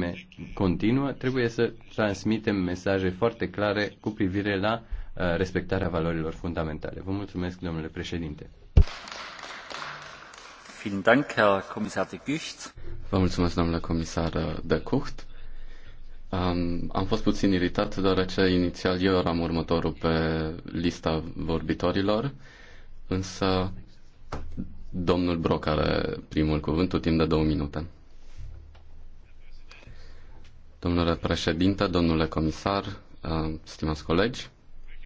me- continuă, trebuie să transmitem mesaje foarte clare cu privire la uh, respectarea valorilor fundamentale. Vă mulțumesc, domnule președinte. Vă mulțumesc, domnule comisar de Cucht. Um, am fost puțin iritat, deoarece inițial eu eram următorul pe lista vorbitorilor, însă domnul Broc are primul cuvânt, timp de două minute. Domnule președinte, domnule comisar, uh, stimați colegi,